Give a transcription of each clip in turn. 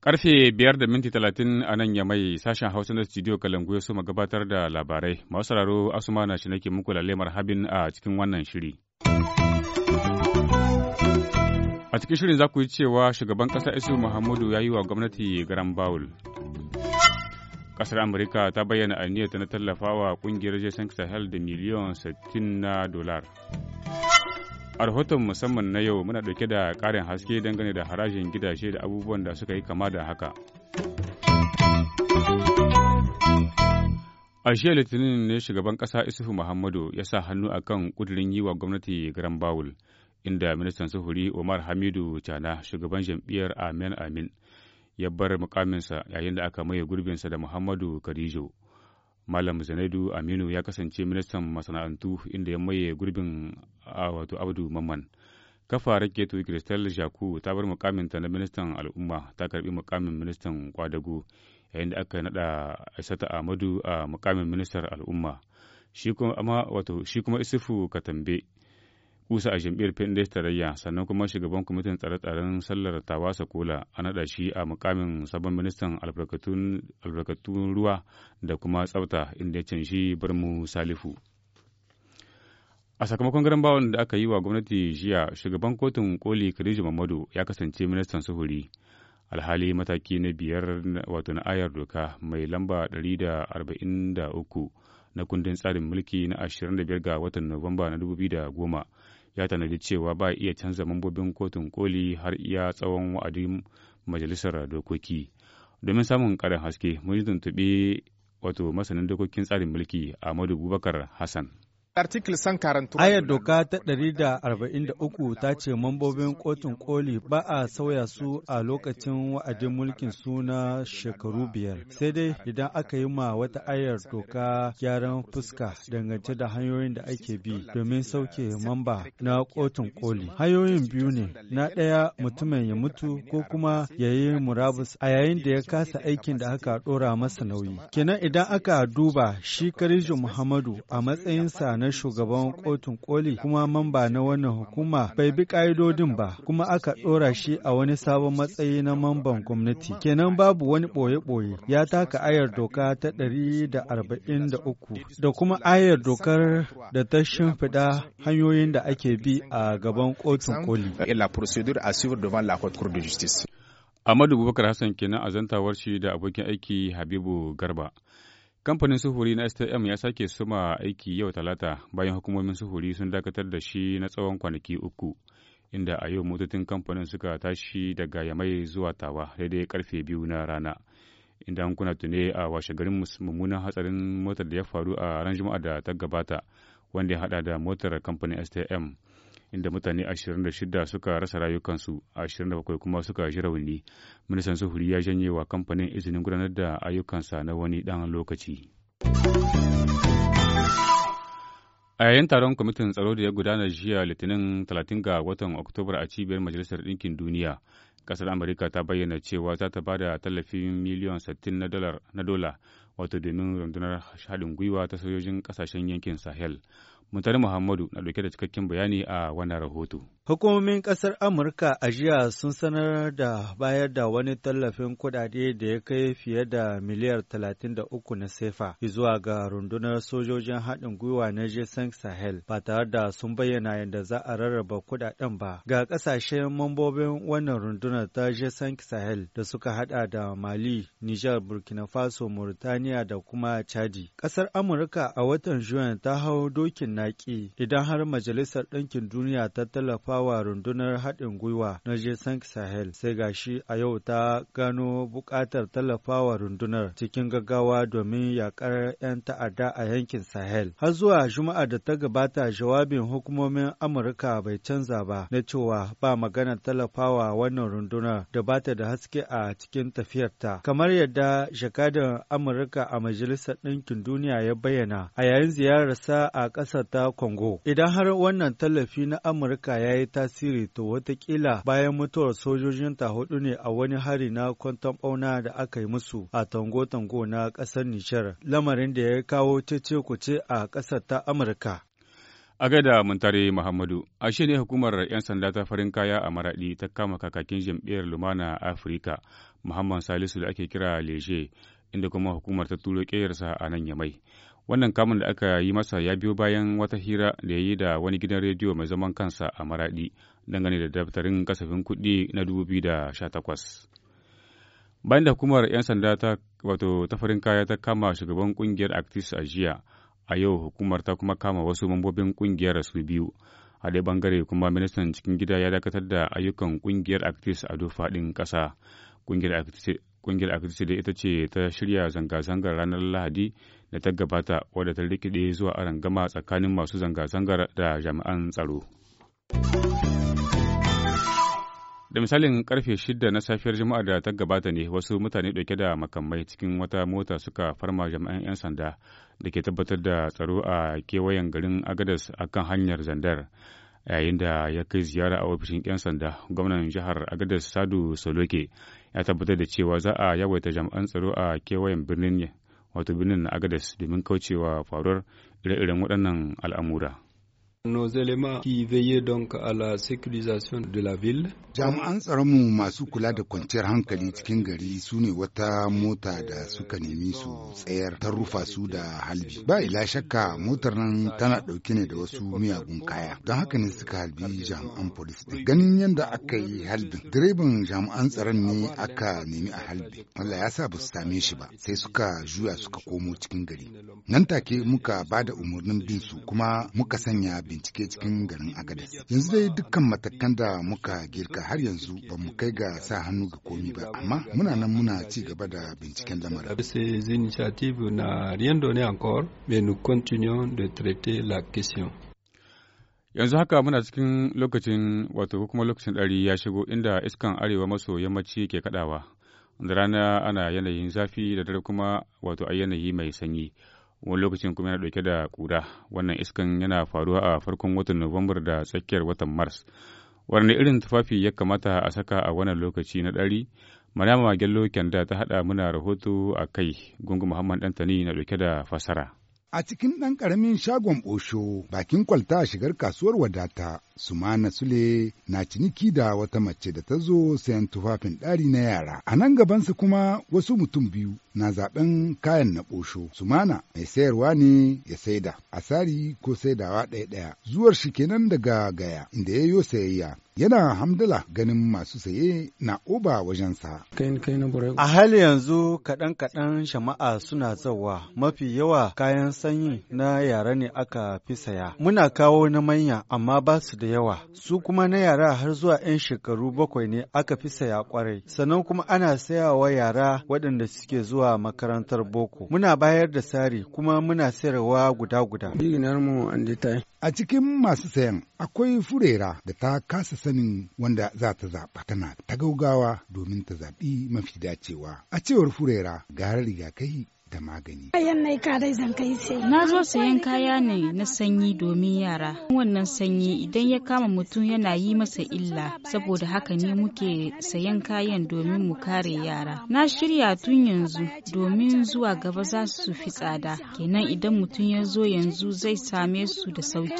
Karfe biyar da minti talatin a nan ya mai sashen Hausa na studio Kalangu ya soma gabatar da labarai. Masu sauraro Asuma na shi nake muku lalemar habin a cikin wannan shiri. A cikin shirin za ku yi cewa shugaban ƙasa Isu Muhammadu ya yi wa gwamnati garan Bawul. kasar amurka ta bayyana aniyar ta na tallafawa kungiyar jason sahel da miliyan 60 na dolar a rahoton musamman na yau muna dauke da karin haske dangane da harajin gidaje da abubuwan da suka yi kama da haka a shiya litinin ne shugaban kasa isufu muhammadu ya sa hannu akan kudirin yi wa gwamnati garan bawul inda ministan sufuri omar hamidu cana shugaban jam'iyyar amin amin ya bar mukaminsa yayin da aka maye gurbinsa da Muhammadu Karijo. Malam Zanaidu Aminu ya kasance ministan masana'antu inda ya maye gurbin wato Abdu Mamman. Kafa Raketu Kristal Jaku ta bar mukaminta na ministan al'umma ta karbi mukamin ministan kwadago yayin da aka nada Aisata Ahmadu a mukamin ministar al'umma. Shi kuma wato shi kuma Isufu Katambe kusa a jam'iyyar PNDS tarayya sannan kuma shugaban kwamitin tsare-tsaren sallar tawa kola a naɗa shi a mukamin sabon ministan albarkatun ruwa da kuma tsafta inda ya canshi Barmu Salifu. A sakamakon garin bawon da aka yi wa gwamnati jiya shugaban kotun koli Khadija Mamadu ya kasance ministan suhuri. Alhali mataki na biyar wato na ayar doka mai lamba 143 na kundin tsarin mulki na 25 ga watan Nuwamba na 2010 ya tanadi cewa ba iya canza mambobin kotun koli har iya tsawon wa'adin majalisar dokoki domin samun ƙarin haske mun tuntuɓi wato masanin dokokin tsarin mulki ahmadu bubakar hassan Ayar doka ta ɗari 143 ta ce mambobin kotun koli ba a sauya su a lokacin wa'adin mulkin suna shekaru biyar. Sai dai idan aka yi ma wata ayar doka gyaran fuska dangance da hanyoyin da ake bi domin sauke mamba na kotun koli. Hanyoyin biyu ne, na ɗaya mutumin ya mutu ko kuma ya yi murabus a yayin da ya kasa aikin da aka ɗora masa nauyi. Kenan idan aka duba shi Karijo Muhammadu a matsayinsa na na shugaban kotun koli kuma mamba na wannan hukuma bai bi ka'idodin ba kuma aka ɗora shi a wani sabon matsayi na mamban gwamnati. Kenan babu wani ɓoye-ɓoye ya taka ayar doka ta 143 da kuma ayar dokar da ta shimfiɗa hanyoyin da ake bi a gaban kotun koli. Amadu Bubakar Hassan kenan a zantawar shi da abokin aiki Habibu Garba. Kamfanin sufuri na STM ya sake suma aiki yau talata bayan hukumomin sufuri sun dakatar da shi na tsawon kwanaki uku, inda a yau motocin kamfanin suka tashi daga yamai zuwa tawa daidai karfe biyu na rana. Inda an kuna tune a washe garin mummunan hatsarin motar da ya faru a ran juma'a da ta gabata, wanda ya hada da motar kamfanin STM. inda mutane 26 suka rasa rayukansu 27 kuma suka ji rauni ministan sufuri ya janye wa kamfanin izinin gudanar da ayyukansa na wani dan lokaci a yayin taron kwamitin tsaro da ya gudana jiya litinin 30 ga watan oktobar a cibiyar majalisar ɗinkin duniya ƙasar amurka ta bayyana cewa za ta bada tallafin miliyan 60 na dola wato domin rundunar haɗin gwiwa ta sojojin ƙasashen yankin sahel Muntari Muhammadu na ɗauke da cikakken bayani a wannan rahoto. Hukumomin ƙasar Amurka a jiya sun sanar da bayar da wani tallafin kuɗaɗe da ya kai fiye da miliyar 33 na sefa zuwa ga rundunar sojojin haɗin gwiwa na Jason Sahel ba tare da sun bayyana yadda za a rarraba kuɗaɗen ba ga ƙasashen mambobin wannan rundunar ta Jason Sahel da suka haɗa da Mali, Nijar, Burkina Faso, Mauritania da kuma Chadi. Ƙasar Amurka a watan Juyan ta hau dokin na yaƙi. idan har Majalisar Ɗinkin Duniya ta tallafa wa rundunar haɗin gwiwa na Jason Sahel sai gashi a yau ta gano buƙatar tallafawa rundunar cikin gaggawa domin yaƙar 'yan ta'adda a yankin Sahel. Har zuwa Juma'a da ta gabata jawabin hukumomin Amurka bai canza ba na cewa ba maganar tallafawa wannan rundunar da ba ta da haske a cikin tafiyarta. Kamar yadda jakadan Amurka a Majalisar Ɗinkin Duniya ya bayyana a yayin ziyararsa a ƙasar ta Congo. Idan har wannan tallafi na Amurka ya yi tasiri to watakila bayan mutuwar sojojin ta hudu ne a wani hari na kwantan bauna da aka yi musu a tango-tango na ƙasar Nijar, lamarin da ya kawo cece kuce a kasar ta Amurka. A gaida Muntare Muhammadu, a ne hukumar 'yan sanda ta farin kaya a Maraɗi ta kama kakakin jam'iyyar Lumana a Afirka, Muhammad Salisu da ake kira Leje, inda kuma hukumar ta turo ƙeyarsa a nan ya mai. Wannan kamun da aka yi masa ya biyo bayan wata hira da ya yi da wani gidan rediyo mai zaman kansa a Maraɗi dangane da daftarin kasafin kuɗi na 2018. Bayan da hukumar 'yan sanda ta wato tafarin kaya ta kama shugaban kungiyar Actis a jiya, a yau hukumar ta kuma kama wasu mambobin kungiyar su biyu. a dai bangare kuma ministan cikin gida ya dakatar da ayyukan kungiyar actis a duk faɗin ƙasa ƙungiyar actis da ita ce ta shirya zanga-zangar ranar lahadi da ta gabata wadda ta rikide zuwa arangama tsakanin masu zanga-zangar da jami'an tsaro. Da misalin karfe shida na safiyar Juma'a da ta gabata ne wasu mutane dauke da makamai cikin wata mota suka farma jami'an 'yan sanda da ke tabbatar da tsaro a kewayen garin Agadas a kan hanyar Zandar. yayin da ya kai ziyara a ofishin 'yan sanda gwamnan jihar agadas sadu soloke ya tabbatar da cewa za a yawaita jami'an tsaro a kewayen birnin wato birnin na Agadez domin kaucewa faruwar ire-iren waɗannan al'amura. Nos éléments qui veillaient donc à la sécurisation de la ville. Jami'an tsaronmu masu kula da kwanciyar hankali cikin gari su ne wata mota da suka nemi su tsayar ta rufa su da halbi. Ba ila shakka motar nan tana ɗauke ne da wasu miyagun kaya. Don haka ne suka halbi jami'an polis ɗin. Ganin yadda aka yi halbin, direban jami'an tsaron ne aka nemi a halbi. Allah ya sa ba same shi ba, sai suka juya suka komo cikin gari. Nan take muka ba da umarnin bin su kuma muka sanya bincike cikin garin Agadez. Yanzu dai dukkan matakan da muka girka har yanzu ba mu kai ga sa hannu ga komi ba, amma muna nan muna ci gaba da binciken lamarin. Ces initiative n'a rien donné encore, mais nous continuons de traiter la question. yanzu haka muna cikin lokacin wato kuma lokacin ɗari ya shigo inda iskan arewa maso yammaci ke kadawa da rana ana yanayin zafi da dare kuma wato a yanayi mai sanyi wani lokacin kuma yana dauke da ƙura wannan iskan yana faruwa a farkon watan nuwambar da tsakiyar watan mars wani irin tufafi ya kamata a saka a wannan lokaci na ɗari manama Gello kenda ta haɗa muna rahoto a kai gungun Muhammad Dantani na dauke da fasara. A cikin ɗan ƙaramin shagon Osho bakin kwalta a shigar kasuwar wadata, Sumana Sule na ciniki da wata mace da ta zo sayan tufafin ɗari na yara. A nan gabansu kuma wasu mutum biyu na zaɓen kayan na Osho. Sumana mai sayarwa ne ya saida, asari ko saidawa ɗaya-ɗaya. Zuwar shi kenan daga gaya inda ya yi sayayya yana hamdala ganin masu saye na oba wajensa. A hali yanzu kaɗan-kaɗan shama'a suna zawa mafi yawa kayan sanyi na yara ne aka fi saya. Muna kawo na manya amma ba su da yawa. Su kuma na yara har zuwa 'yan shekaru bakwai ne aka fi saya kwarai. Sannan kuma ana sayawa yara waɗanda suke zuwa makarantar boko. Muna bayar da sari kuma muna sayarwa guda-guda. A cikin masu sayan akwai furera da ta kasa sanin wanda za ta zaɓa tana ta gaugawa domin ta zaɓi mafi dacewa. A cewar furera gara rigakahi ta magani. Kayan ka zan kai sai. Na zo sayan kaya ne na sanyi domin yara. Wannan sanyi idan ya kama mutum yana yi masa illa saboda haka ne muke sayan kayan domin mu kare yara. Na shirya tun yanzu domin zuwa gaba za su fi tsada. Kenan idan mutum ya zo yanzu zai same su da sauki.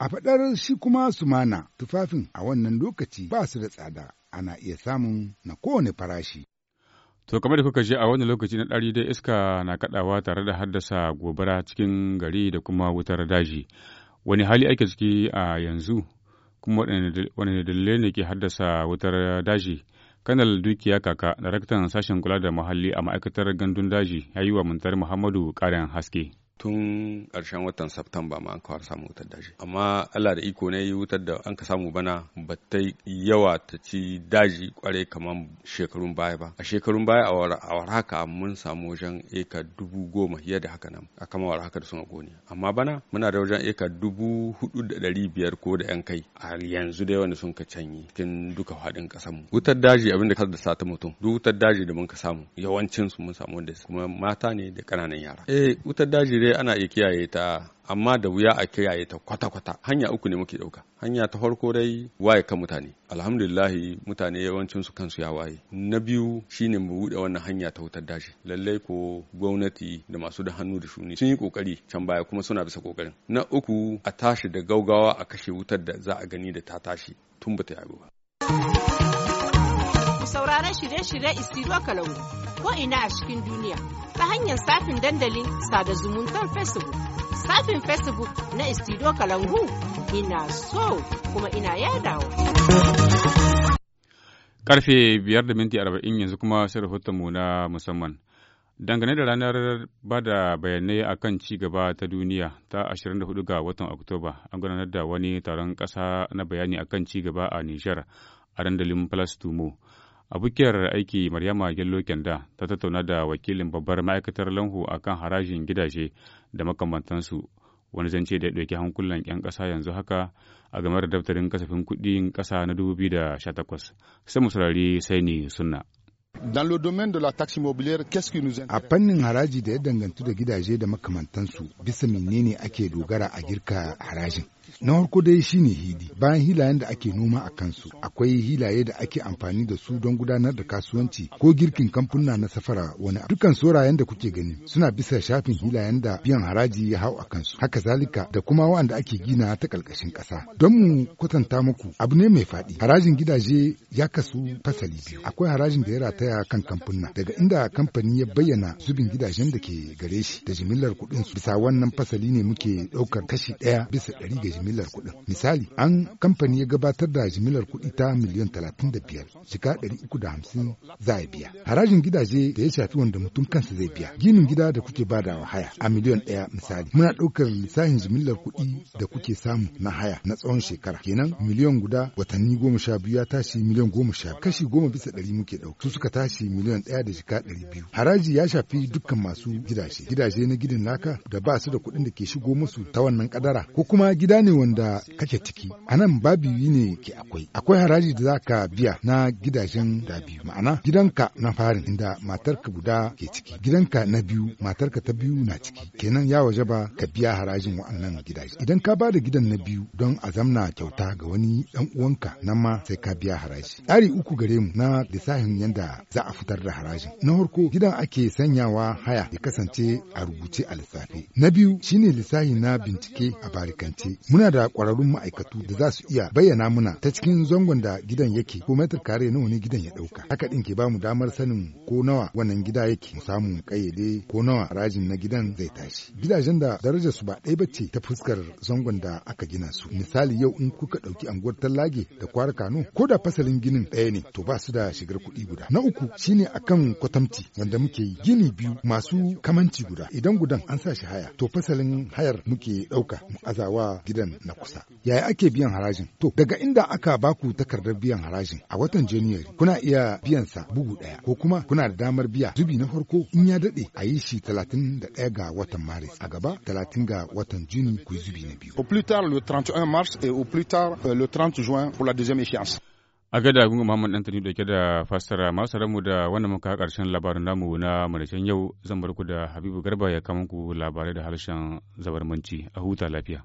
A faɗar shi kuma sumana tufafin a wannan lokaci ba su da tsada ana iya samun na kowane farashi. To kamar da kuka je a wani lokaci na ɗari dai iska na kaɗawa tare da haddasa gobara cikin gari da kuma wutar daji. Wani hali ake ciki a yanzu kuma wani dalilai ne ke haddasa wutar daji. Kanal Dukiya Kaka, daraktan sashen kula da muhalli a ma'aikatar gandun daji, ya yi wa Muntar Muhammadu ƙarin haske. tun karshen watan Satumba ma an kawar samu wutar daji. Amma Allah da iko ne wutar da an ka samu bana ba ta yawa ta ci daji kwarai kamar shekarun baya ba. A shekarun baya a war haka mun samu wajen eka dubu goma fiye da haka nan a kama war da suna goni. Amma bana muna da wajen eka dubu hudu da ɗari biyar ko da yan kai a yanzu da yawan sun ka canyi cikin duka faɗin mu. Wutar daji abinda ka da sata mutum duk wutar daji da mun ka samu yawancin su mun samu wanda kuma mata ne da ƙananan yara. Eh wutar daji dai ana iya kiyaye ta amma da wuya a kiyaye ta kwata-kwata hanya uku ne muke dauka hanya ta farko dai waye kan mutane alhamdulillahi mutane yawancin su kansu ya waye na biyu shine mu bude wannan hanya ta wutar dashi lallai ko gwamnati da masu da hannu da shuni sun yi kokari can baya kuma suna bisa kokarin na uku a tashi da gaugawa a kashe wutar da za a gani da ta tashi tun bata yaru ba sauran shirye-shirye isiro kalangu ko ina a cikin duniya ta hanyar safin dandalin sada zumuntar facebook safin facebook na isiro kalangu ina so kuma ina yadawa karfe biyar yanzu kuma sai rahotonmu na musamman dangane da ranar ba da bayanai a kan gaba ta duniya ta 24 ga watan oktoba an gudanar da wani taron ƙasa na bayani a kan gaba a nijar a dandalin plastumo a abokiyar aiki maryama gello kenda ta tattauna da wakilin babbar ma'aikatar lanhu a kan harajin gidaje da makamantansu wani zance da ya ɗauki hankulan 'yan ƙasa yanzu haka a game da daftarin kasafin kuɗin ƙasa na 2018 sai mu sai ne sunna A fannin haraji da ya dangantu da gidaje da makamantansu bisa menene ake dogara a girka harajin. Na farko dai shine hili, bayan hilayen da ake noma a kansu, akwai hilaye da ake amfani da su don gudanar da kasuwanci ko girkin kamfuna na safara wani dukkan saurayen da kuke gani suna bisa shafin hilayen da biyan haraji ya hau a kansu. Haka zalika da kuma wanda ake gina ta ƙarƙashin ƙasa. Don mu kwatanta muku abu ne mai faɗi. Harajin gidaje ya kasu fasali biyu. Akwai harajin da ya taya kan kamfuna daga inda kamfani ya bayyana zubin gidajen da ke gare shi da jimillar kuɗin su bisa wannan fasali ne muke ɗaukar kashi ɗaya bisa ɗari ga jimillar kuɗin misali an kamfani ya gabatar da jimillar kuɗi ta miliyan talatin da biyar shiga ɗari uku da hamsin za a biya harajin gidaje da ya shafi wanda mutum kansa zai biya ginin gida da kuke badawa haya a miliyan ɗaya misali muna ɗaukar lissafin jimillar kuɗi da kuke samu na haya na tsawon shekara kenan miliyan guda watanni goma sha biyu ya tashi miliyan goma sha kashi goma bisa ɗari muke ɗauka su suka suka tashi miliyan ɗaya da shiga ɗari biyu. Haraji ya shafi dukkan masu gidaje, gidaje na gidan naka da ba su da kuɗin da ke shigo musu ta wannan kadara ko kuma gida ne wanda kake ciki. A nan babi ne ke akwai. Akwai haraji da za ka biya na gidajen da biyu ma'ana gidanka na farin inda matarka guda ke ciki gidanka na biyu matarka ta biyu na ciki kenan ya waje ba ka biya harajin wa'annan gidaje idan ka ba da gidan na biyu don a zamna kyauta ga wani dan uwanka nan ma sai ka biya haraji tsari uku gare mu na lissafin yadda. za a fitar da haraji Na farko gidan ake sanyawa haya ya kasance a rubuce a lissafi. Na biyu shine lissafi na bincike a barikance. Muna da ƙwararrun ma'aikatu da za su iya bayyana muna ta cikin zangon da gidan yake ko metar kare nawa ne gidan ya ɗauka. Haka ɗin ke bamu damar sanin ko nawa wannan gida yake mu samu ƙayyade ko nawa harajin na gidan zai tashi. Gidajen da darajar su ba ɗaya ba ce ta fuskar zangon da aka gina su. Misali yau in kuka ɗauki anguwar Tallage da Kwara Kano ko da fasalin ginin ɗaya ne to ba su da shigar kuɗi guda. Na uku shine akan kwatamci wanda muke gini biyu masu kamanci guda idan gudan an sa shi haya to fasalin hayar muke ɗauka mu azawa gidan na kusa. Yaya ake biyan harajin? To daga inda aka baku takardar biyan harajin a watan january kuna iya biyan sa bugu ɗaya ko kuma kuna da damar biya zubi na farko in ya daɗe a yi shi talatin da ɗaya ga watan Maris a gaba talatin ga watan Juni ku zubi na biyu. Au plus tard le 31 mars et au plus tard euh, le 30 juin pour la deuxième échéance. a gada gungun muhammad dantani dauke da fassara masu mu da wannan muka karshen labarin namu na marashin yau zan bar ku da habibu garba ya kama ku labarai da harshen zabarmanci a huta lafiya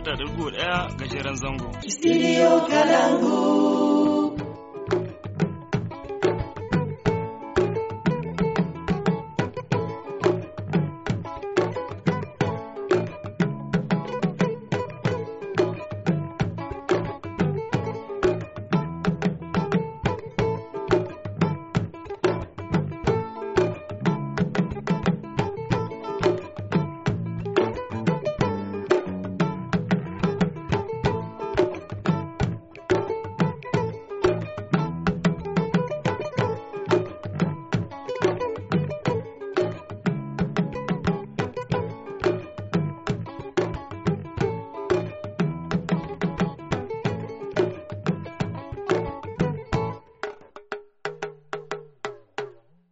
da dubu ɗaya gajeren zango. Studio Kalangu.